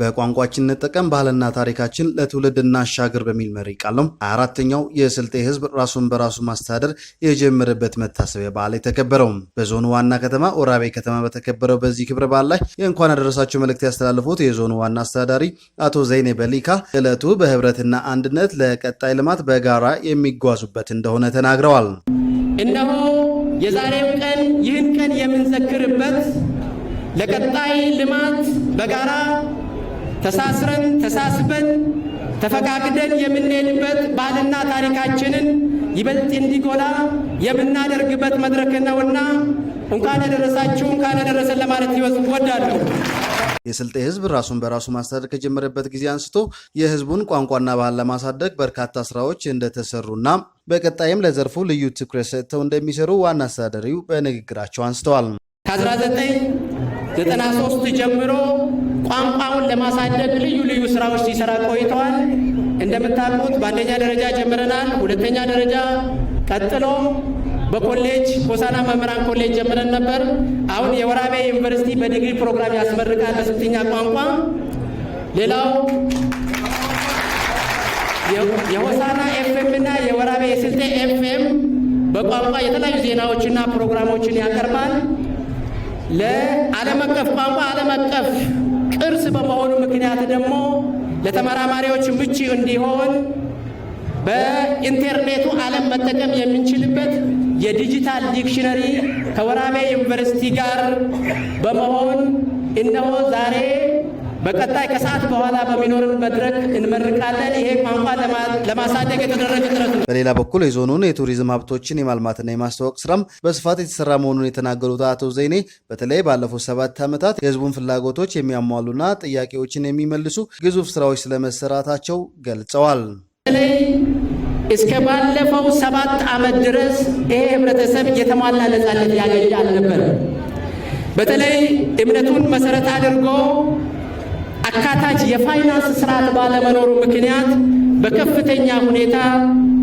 በቋንቋችን እንጠቀም ባህልና ታሪካችን ለትውልድ እናሻገር በሚል መሪ ቃል ነው አራተኛው የስልጤ ህዝብ ራሱን በራሱ ማስተዳደር የጀመረበት መታሰቢያ በዓል የተከበረው። በዞኑ ዋና ከተማ ወራቤ ከተማ በተከበረው በዚህ ክብረ በዓል ላይ የእንኳን አደረሳቸው መልእክት ያስተላለፉት የዞኑ ዋና አስተዳዳሪ አቶ ዘይኔ በሊካ እለቱ በህብረትና አንድነት ለቀጣይ ልማት በጋራ የሚጓዙበት እንደሆነ ተናግረዋል። እነሆ የዛሬው ቀን ይህን ቀን የምንዘክርበት ለቀጣይ ልማት በጋራ ተሳስረን ተሳስበን ተፈቃቅደን የምንሄድበት ባህልና ታሪካችንን ይበልጥ እንዲጎላ የምናደርግበት መድረክ ነውና እንኳን ያደረሳችሁ እንኳን ያደረሰን ለማለት ይወዳለሁ። የስልጤ ህዝብ ራሱን በራሱ ማስተዳደር ከጀመረበት ጊዜ አንስቶ የህዝቡን ቋንቋና ባህል ለማሳደግ በርካታ ስራዎች እንደተሰሩና በቀጣይም ለዘርፉ ልዩ ትኩረት ሰጥተው እንደሚሰሩ ዋና አስተዳደሪው በንግግራቸው አንስተዋል። ከ1993 ጀምሮ ቋንቋውን ለማሳደግ ልዩ ልዩ ስራዎች ሲሰራ ቆይተዋል። እንደምታውቁት በአንደኛ ደረጃ ጀምረናል። ሁለተኛ ደረጃ ቀጥሎ በኮሌጅ ሆሳና መምህራን ኮሌጅ ጀምረን ነበር። አሁን የወራቤ ዩኒቨርሲቲ በዲግሪ ፕሮግራም ያስመርቃል በስልተኛ ቋንቋ። ሌላው የሆሳና ኤፍኤም እና የወራቤ የስልጤ ኤፍኤም በቋንቋ የተለያዩ ዜናዎችና ፕሮግራሞችን ያቀርባል። ለዓለም አቀፍ ቋንቋ ዓለም አቀፍ ቅርስ በመሆኑ ምክንያት ደግሞ ለተመራማሪዎች ምቹ እንዲሆን በኢንተርኔቱ ዓለም መጠቀም የምንችልበት የዲጂታል ዲክሽነሪ ከወራቤ ዩኒቨርሲቲ ጋር በመሆን እነሆ ዛሬ በቀጣይ ከሰዓት በኋላ በሚኖርን መድረክ እንመርቃለን። ይሄ ቋንቋ ለማሳደግ የተደረገ ጥረት ነው። በሌላ በኩል የዞኑን የቱሪዝም ሀብቶችን የማልማትና የማስተዋወቅ ስራም በስፋት የተሰራ መሆኑን የተናገሩት አቶ ዘይኔ በተለይ ባለፉት ሰባት ዓመታት የህዝቡን ፍላጎቶች የሚያሟሉና ጥያቄዎችን የሚመልሱ ግዙፍ ስራዎች ስለመሰራታቸው ገልጸዋል። በተለይ እስከ ባለፈው ሰባት ዓመት ድረስ ይሄ ህብረተሰብ የተሟላ ነጻነት ያገኝ አልነበረም። በተለይ እምነቱን መሰረት አድርጎ አካታች የፋይናንስ ስርዓት ባለመኖሩ ምክንያት በከፍተኛ ሁኔታ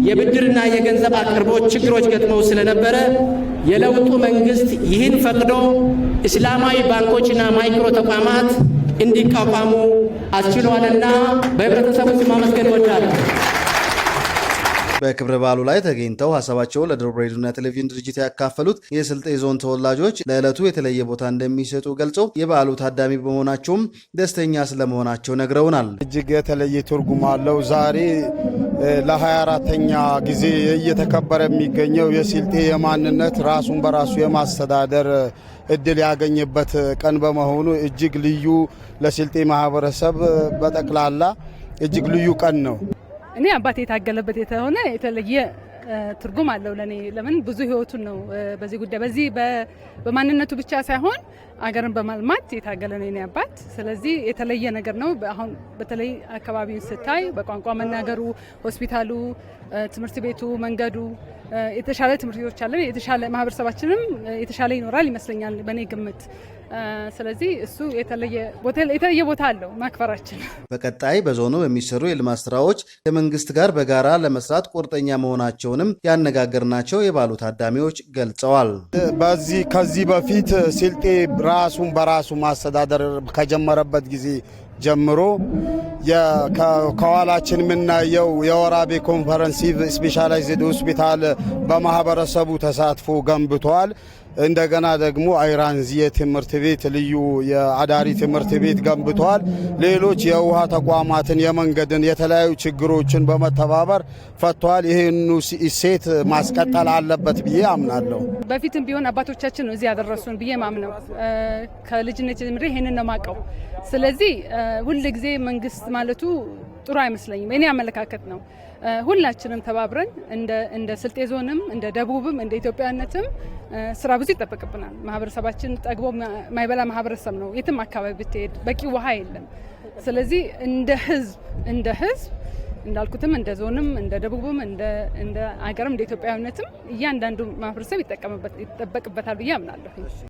የብድርና የገንዘብ አቅርቦት ችግሮች ገጥመው ስለነበረ የለውጡ መንግስት ይህን ፈቅዶ እስላማዊ ባንኮችና ማይክሮ ተቋማት እንዲቋቋሙ አስችሏልና በህብረተሰቡ ስም ማመስገን እወዳለሁ። በክብረ በዓሉ ላይ ተገኝተው ሀሳባቸውን ለደቡብ ሬዲዮና ቴሌቪዥን ድርጅት ያካፈሉት የስልጤ ዞን ተወላጆች ለዕለቱ የተለየ ቦታ እንደሚሰጡ ገልጸው የበዓሉ ታዳሚ በመሆናቸውም ደስተኛ ስለመሆናቸው ነግረውናል። እጅግ የተለየ ትርጉም አለው። ዛሬ ለ24ተኛ ጊዜ እየተከበረ የሚገኘው የስልጤ የማንነት ራሱን በራሱ የማስተዳደር እድል ያገኘበት ቀን በመሆኑ እጅግ ልዩ ለስልጤ ማህበረሰብ በጠቅላላ እጅግ ልዩ ቀን ነው። እኔ አባቴ የታገለበት የተሆነ የተለየ ትርጉም አለው ለእኔ። ለምን ብዙ ህይወቱን ነው በዚህ ጉዳይ በዚህ በማንነቱ ብቻ ሳይሆን አገርን በማልማት የታገለ ነው የኔ አባት። ስለዚህ የተለየ ነገር ነው። አሁን በተለይ አካባቢውን ስታይ በቋንቋ መናገሩ፣ ሆስፒታሉ፣ ትምህርት ቤቱ፣ መንገዱ የተሻለ ትምህርት ቤቶች አለን። የተሻለ ማህበረሰባችንም የተሻለ ይኖራል ይመስለኛል በእኔ ግምት። ስለዚህ እሱ የተለየ ቦታ አለው ማክበራችን። በቀጣይ በዞኑ በሚሰሩ የልማት ስራዎች ከመንግስት ጋር በጋራ ለመስራት ቁርጠኛ መሆናቸውንም ያነጋገርናቸው የባሉ ታዳሚዎች ገልጸዋል። በዚህ ከዚህ በፊት ስልጤ ራሱን በራሱ ማስተዳደር ከጀመረበት ጊዜ ጀምሮ ከኋላችን የምናየው የወራቤ ኮንፈረንሲ ስፔሻላይዝድ ሆስፒታል በማህበረሰቡ ተሳትፎ ገንብቷል። እንደገና ደግሞ አይራንዚ የትምህርት ቤት ልዩ የአዳሪ ትምህርት ቤት ገንብተዋል። ሌሎች የውሃ ተቋማትን፣ የመንገድን፣ የተለያዩ ችግሮችን በመተባበር ፈቷል። ይህኑ እሴት ማስቀጠል አለበት ብዬ አምናለሁ። በፊትም ቢሆን አባቶቻችን እዚህ ያደረሱን ብዬ ማምነው። ከልጅነት ጀምሬ ይህንን ነው ማቀው። ስለዚህ ጊዜ መንግስት ማለቱ ጥሩ አይመስለኝም። እኔ አመለካከት ነው። ሁላችንም ተባብረን እንደ ስልጤ ዞንም እንደ ደቡብም እንደ ኢትዮጵያነትም ስራ ብዙ ይጠበቅብናል። ማህበረሰባችን ጠግቦ ማይበላ ማህበረሰብ ነው። የትም አካባቢ ብትሄድ በቂ ውሃ የለም። ስለዚህ እንደ ህዝብ እንደ ህዝብ እንዳልኩትም እንደ ዞንም እንደ ደቡብም እንደ አገርም እንደ ኢትዮጵያዊነትም እያንዳንዱ ማህበረሰብ ይጠበቅበታል ብዬ አምናለሁ።